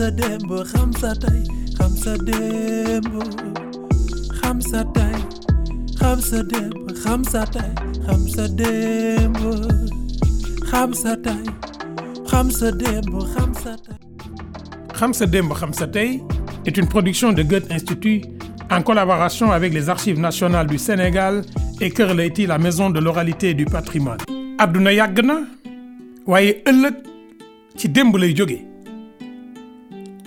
sa démb xam sa tey xam sa tey xam production de Goethe Institut en collaboration avec les Archives nationales du Sénégal et Kër Leyti la maison de l'oralité et du patrimoine. àdduna yàgg na waaye ci démb lay jóge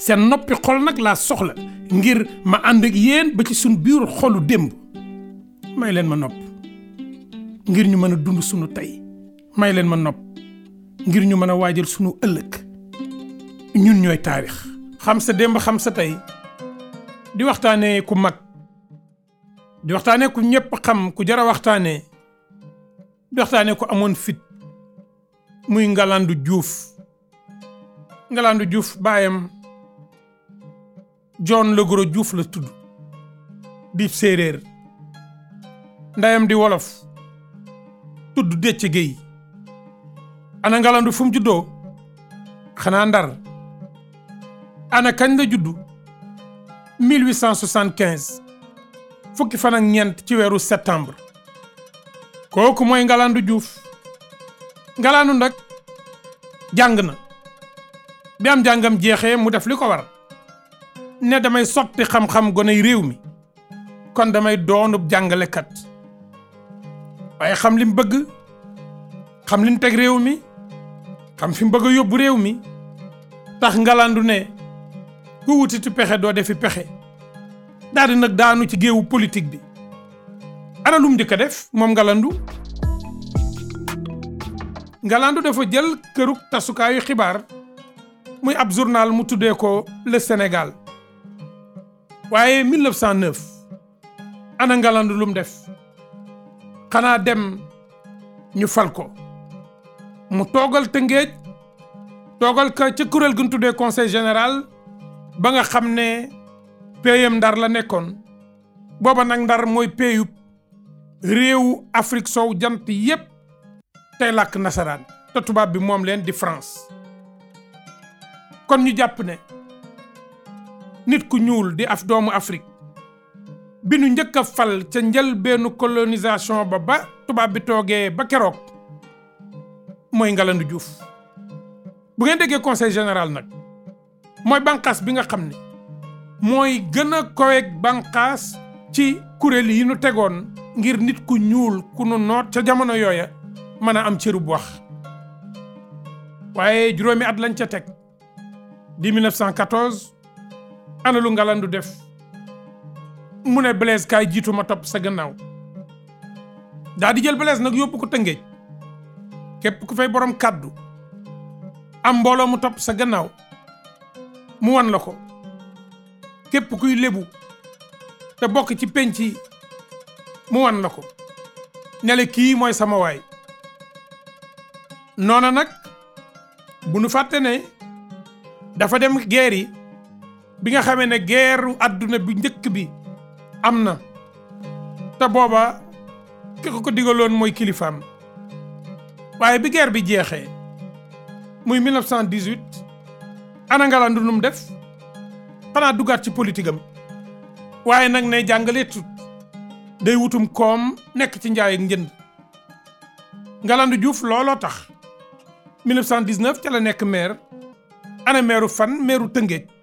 seen noppi xol nag laa soxla ngir ma ànd ak yéen ba ci suñ biir xolu démb may leen ma nopp ngir ñu mën a dund sunu tey may leen ma nopp ngir ñu mën a waajal sunu ëllëg ñun ñooy taarix xam sa démb xam sa tey di waxtaanee ku mag di waxtaanee ku ñëpp xam ku jar a waxtaanee di waxtaanee ku amoon fit muy ngalaandu Juuf ngalaandu Juuf baayam John Logoro juuf la tudd di séeréer ndeyam di wolof tudd Déthié Gueye ana Ngalandu fu juddoo xanaa Ndar ana kañ la juddu 1875 fukki fan ak ñeent ci weeru septembre kooku mooy Ngalandu Diouf Ngalandu nag jàng na bi am jàngam jeexee mu def li ko war ne damay sotti xam-xam goney réew mi kon damay jàngale kat waaye xam lim bëgg xam lim teg réew mi xam fi mu bëgg a yóbbu réew mi tax ngalandu ne ku wutiti pexe doo defi pexe daal di nag daanu ci géewu politique bi ana lum njëkk a def moom ngalandu ngalandu dafa jël këruk tasukaayu xibaar muy ab journal mu tuddee ko Le Sénégal waaye 1909 ana Ngalandu lum def xanaa dem ñu fal ko mu toogal Tëngéej toogal ka ca kuréel gu ñu tuddee conseil général ba nga xam ne payam ndar la nekkoon booba nag ndar mooy payub réewu Afrique sow jant yépp tey làkk nasaraan te tubaab bi moom leen di France kon ñu jàpp ne. nit ku ñuul di af doomu Afrique bi nu njëkk a fal ca njëlbeenu colonisation ba ba tubaab bi toogee ba keroog mooy Ngalandou Diouf bu ngeen déggee conseil général nag mooy bànqaas bi nga xam ni mooy gën a koweeg bànqaas ci kuréel yi nu tegoon ngir nit ku ñuul ku nu noot ca jamono yooya mën a am cërub wax waaye juróomi at lañ ca teg ana lu ngalandu def mu ne Blaise kaay jiitu ma topp sa gannaaw daa jël Blaise nag yóbbu ko tëngeej képp ku fay borom kàddu am mbooloo mu topp sa gannaaw mu wan la ko képp kuy lébu te bokk ci pénc yi mu wan la ko ne kii mooy sama waay noona nag bu nu fàtte ne dafa dem guerre yi bi nga xamee ne guerre àdduna bi njëkk bi am na te booba ki ko ko digaloon mooy kilifaam waaye bi guerre bi jeexee muy 1918 ana Ngalandu nu mu def xanaa dugaat ci politique waaye nag ne jàngaleetut day wutum koom nekk ci njaay ak njënd Ngalandu Diouf looloo tax ca la nekk maire ana maireu fan maireu Tëngéej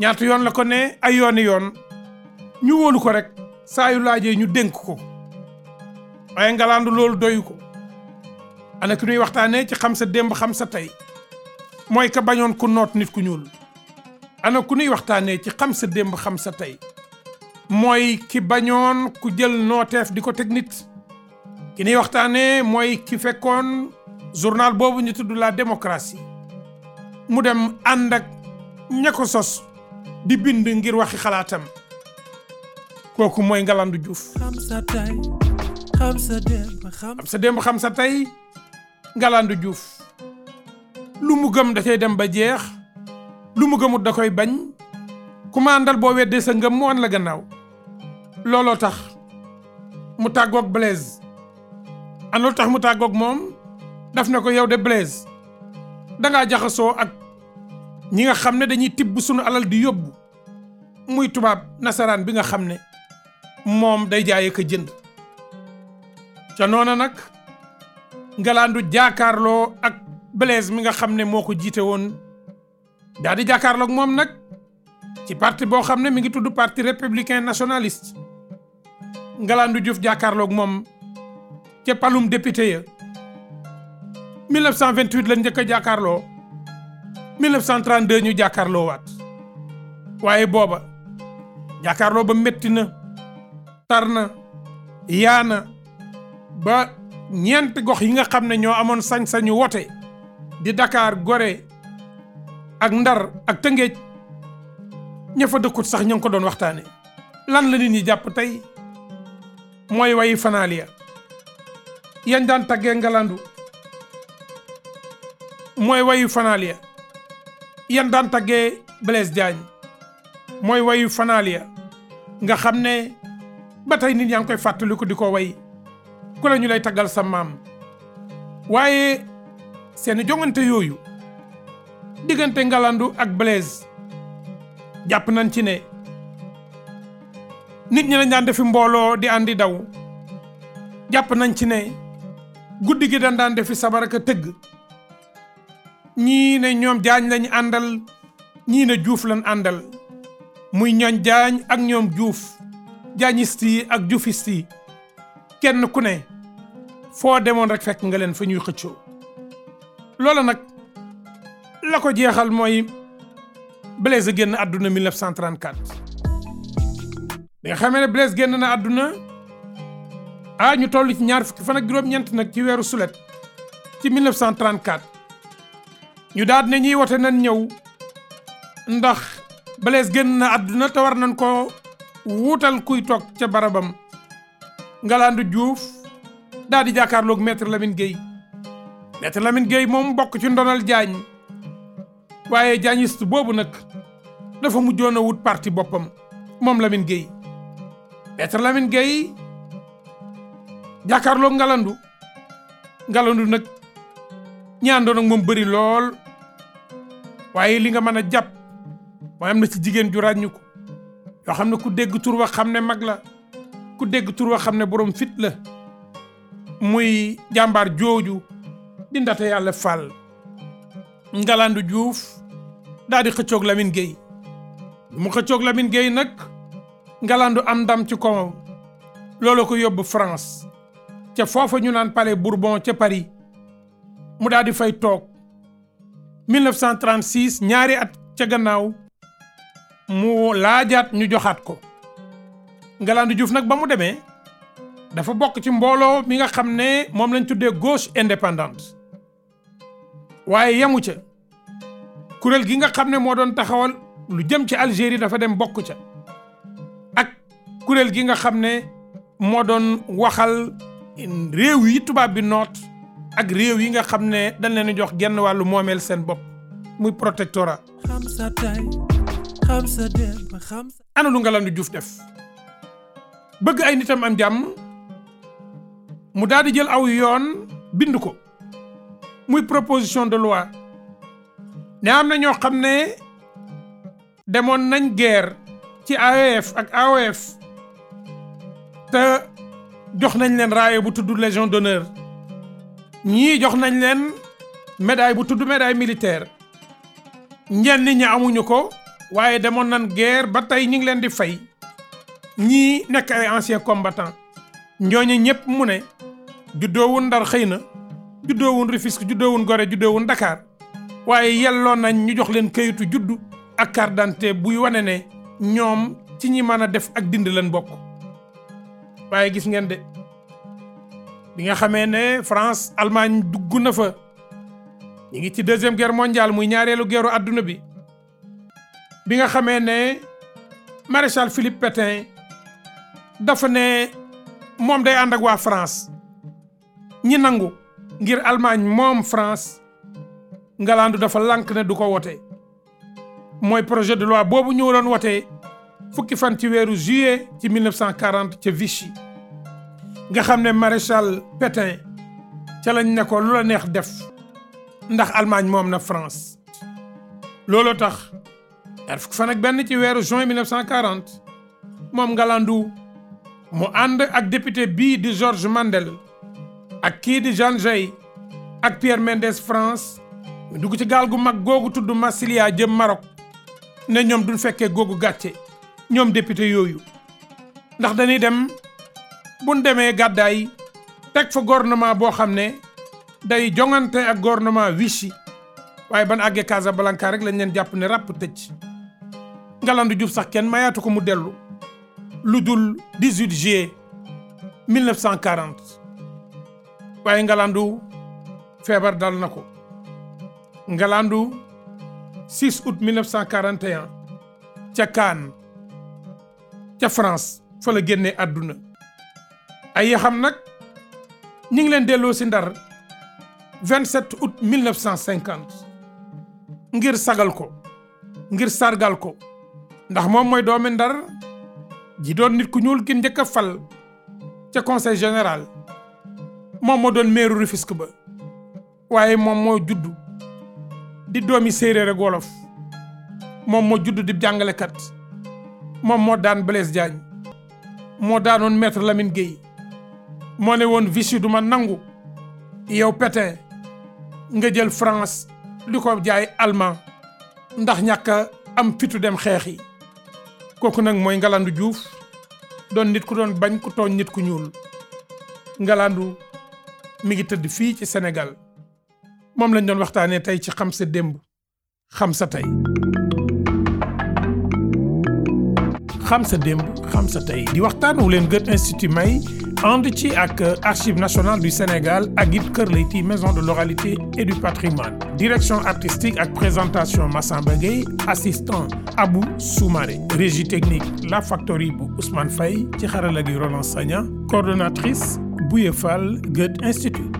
ñaata yoon la ko ne ay yooni yoon ñu wóolu ko rek saa laajee ñu dénk ko waaye ngalaandu loolu doyu ko ana ki ñuy waxtaanee ci xam sa démb xam sa tey mooy ka bañoon ku noot ku ñuul ana ku ñuy waxtaanee ci xam sa démb xam sa tey mooy ki bañoon ku jël nooteef di ko teg nit ki ñuy waxtaanee mooy ki fekkoon journal boobu ñu tudd la démocratie mu dem ànd ak ña ko sos di bind ngir waxi xalaatam kooku mooy Ngalandou Diouf. xam xam sa tey Ngalandou Diouf lu mu gëm da cay dem ba jeex lu mu gëmut da koy bañ ku ma àndal boo weddee sa ngëm mu la gannaaw looloo tax mu tàggoog Blaise an loolu tax mu tàggook moom daf na ko yow de Blaise dangaa jaxasoo ak. ñi nga xam ne dañuy tibb sunu alal di yóbbu muy tubaab nasaraan bi nga xam ne moom day jaayee ko jënd ca noona nag ngalaandu jaakaarloo ak Blaise mi nga xam ne moo ko jiite woon daa di jaakaarloo moom nag ci parti boo xam ne mi ngi tudd parti républicain nationaliste ngalaandu Diouf jaakaarloo ak moom ca palum député ya 1928 lañ njëkk a jaakaarloo 1932 ñu jàkkaarloo waat waaye booba jàkkaarloo ba métti na tar na yaana ba ñeenti gox yi nga xam ne ñoo amoon sañ-sañu wote di Dakar gore ak Ndar ak Tëngéej ña fa dëkkut sax ña ngi ko doon waxtaane lan la ñi jàpp tey mooy wayi fanaal ya yañ daan taggee ngalandu mooy wayu fanaal ya yan daan tagge Blaise Diagne mooy wayu fanaal ya nga xam ne ba tey nit yaa ngi koy fàttaliku di ko way ku la ñu lay taggal sa maam waaye seeni jongante yooyu diggante Ngalandu ak Blaise jàpp nañ ci ne nit ñi dañ daan defi mbooloo di àndi daw jàpp nañ ci ne guddi gi dañ daan defi sabaraka tëgg ñii ne ñoom jaañ lañu àndal ñii ne juuf lañ àndal muy ñooñ jaañ ak ñoom juuf jaañist yi ak juufist yi kenn ku ne foo demoon rek fekk nga leen fa ñuy xëccoo loola nag la ko jeexal mooy Blaise génn àdduna 1934 bi nga xamee ne Blaise génn na àdduna ah ñu toll ci ñaar fukki fan ak ñeent nag ci weeru sulet ci 1934 ñu daal ne ñuy wote nan ñëw ndax Blaise génn na àdduna te war nañ ko wuutal kuy toog ca barabam ngalandu juuf daal di jàkkaarloog maître Lamine Gueye maître Lamine Gueye moom bokk ci ndonal Diagne waaye Diagniste boobu nag dafa mujjoon a wut parti boppam moom lamin Gueye maître Lamine Gueye jàkkaarloog Ngalandou Ngalandou nag ñi àndoon ak moom bëri lool waaye li nga mën a jàpp mooy am na ci jigéen ju ràññu yoo xam ne ku dégg tur wax xam ne mag la ku dégg tur wax xam ne borom fit la muy jàmbaar jooju di ndate yàlla fàll ngalandu juuf daal di xëccoog Lamine Gueye mu xëccoog Lamine Gueye nag ngalandu am ndam ci kawam loolu ko yóbbu France ca foofa ñu naan Palais Bourbon ca Paris mu daal di fay toog 1936 ñaari at ca gannaaw mu laajaat ñu joxaat ko nga Galandou Diouf nag ba mu demee dafa bokk ci mbooloo mi nga xam ne moom lañ tuddee gauche indépendante waaye yamu ca kuréel gi nga xam ne moo doon taxawal lu jëm ci Algérie dafa dem bokk ca ak kuréel gi nga xam ne moo doon waxal réew yi tubaab bi noot ak réew yi nga xam ne dañ leen jox genn wàllu moomeel seen bopp muy protectorat. ana lu Ngalandou Diouf def bëgg ay nitam am jàmm mu daal di jël aw yoon bind ko muy proposition de loi ne am na ñoo xam ne demoon nañ guerre ci AEF ak AOF te jox nañ leen raayo bu tudd légion d'honneur ñii jox nañ leen médaille bu tudd médaille militaire ñenn ñi amuñu ko waaye demoon nañ guerre ba tey ñu ngi leen di fay ñii nekk ay ancien combattant ñooñu ñëpp mu ne juddoowun Ndar xëy na juddoo wun juddoowun Gorée juddoowun Dakar waaye yelloo nañ ñu jox leen kayitu juddu ak carte buy wane ne ñoom ci ñi mën a def ak dind leen bokk waaye gis ngeen de bi nga xamee ne France Allemagne dugg na fa ñu ngi ci deuxième ger mondiale muy ñaareelu guerru àdduna bi bi nga xamee ne maréchal Philippe Pétain dafa ne moom day ànd ak waa France ñi nangu ngir Allemagne moom France Ngalandu dafa lank ne du ko wote mooy projet de loi boobu ñu doon wotee fukki fan ci weeru juillet ci 1940 ca Vichy nga xam ne maréchal Pétain ca lañ ne ko la neex def ndax Allemagne moom na France loolu tax ñaar fukk fan ak benn ci weeru juin 1940 moom Galandou mu ànd ak député bii di Georges Mandel ak kii di Jean Jay ak Pierre Mendès France mu dugg ci gaal gu mag googu tudd Massilia jëm Maroc ne ñoom du fekkee googu gàcce ñoom député yooyu ndax dañuy dem buñ demee gàddaay teg fa gouvernement boo xam ne day joŋante ak gouvernement Vichy waaye ba ban àggee Casablanca rek lañ leen jàpp ne ràpp tëj Ngalandou Diouf sax kenn mayaatu ko mu dellu lu dul 18 juillet 1940 waaye Ngalandou feebar dal na ko Ngalandou 6 août 1941 ca Cannes ca France fala génnee àdduna ay yaxam nag ñu ngi leen delloo si ndar 27 août 1950 ngir sagal ko ngir sargal ko ndax moom mooy doomi ndar ji doon nit ku ñuul gi njëkk a fal ca conseil général moom moo doon meeru Rufisque ba waaye moom moo juddu di doomi séeréer ak wolof moom moo judd di jàngalekat moom moo daan Blaise Diagne moo daanoon la min Guèye moo ne woon Vichy du ma nangu yow Pétain nga jël France di ko jaay allemand ndax ñàkk am fitu dem xeex yi nag mooy Ngalandu juuf doon nit ku doon bañ ku tooñ nit ku ñuul Ngalandu mi ngi tëdd fii ci senegal moom lañ doon waxtaanee tey ci xam sa démb xam sa tey xam sa xam sa tey di waxtaan wu leen Goethe may ànd ci ak archive national du Sénégal ak it Kër Leyti maison de l'oralité et du patrimoine direction artistique ak présentation Massamba Gueye assistant Abou Soumaré régie technique La Factory bu Ousmane Faye ci xarala gi Roland Sagna coordonnatrice Bouye Fall Goethe Institut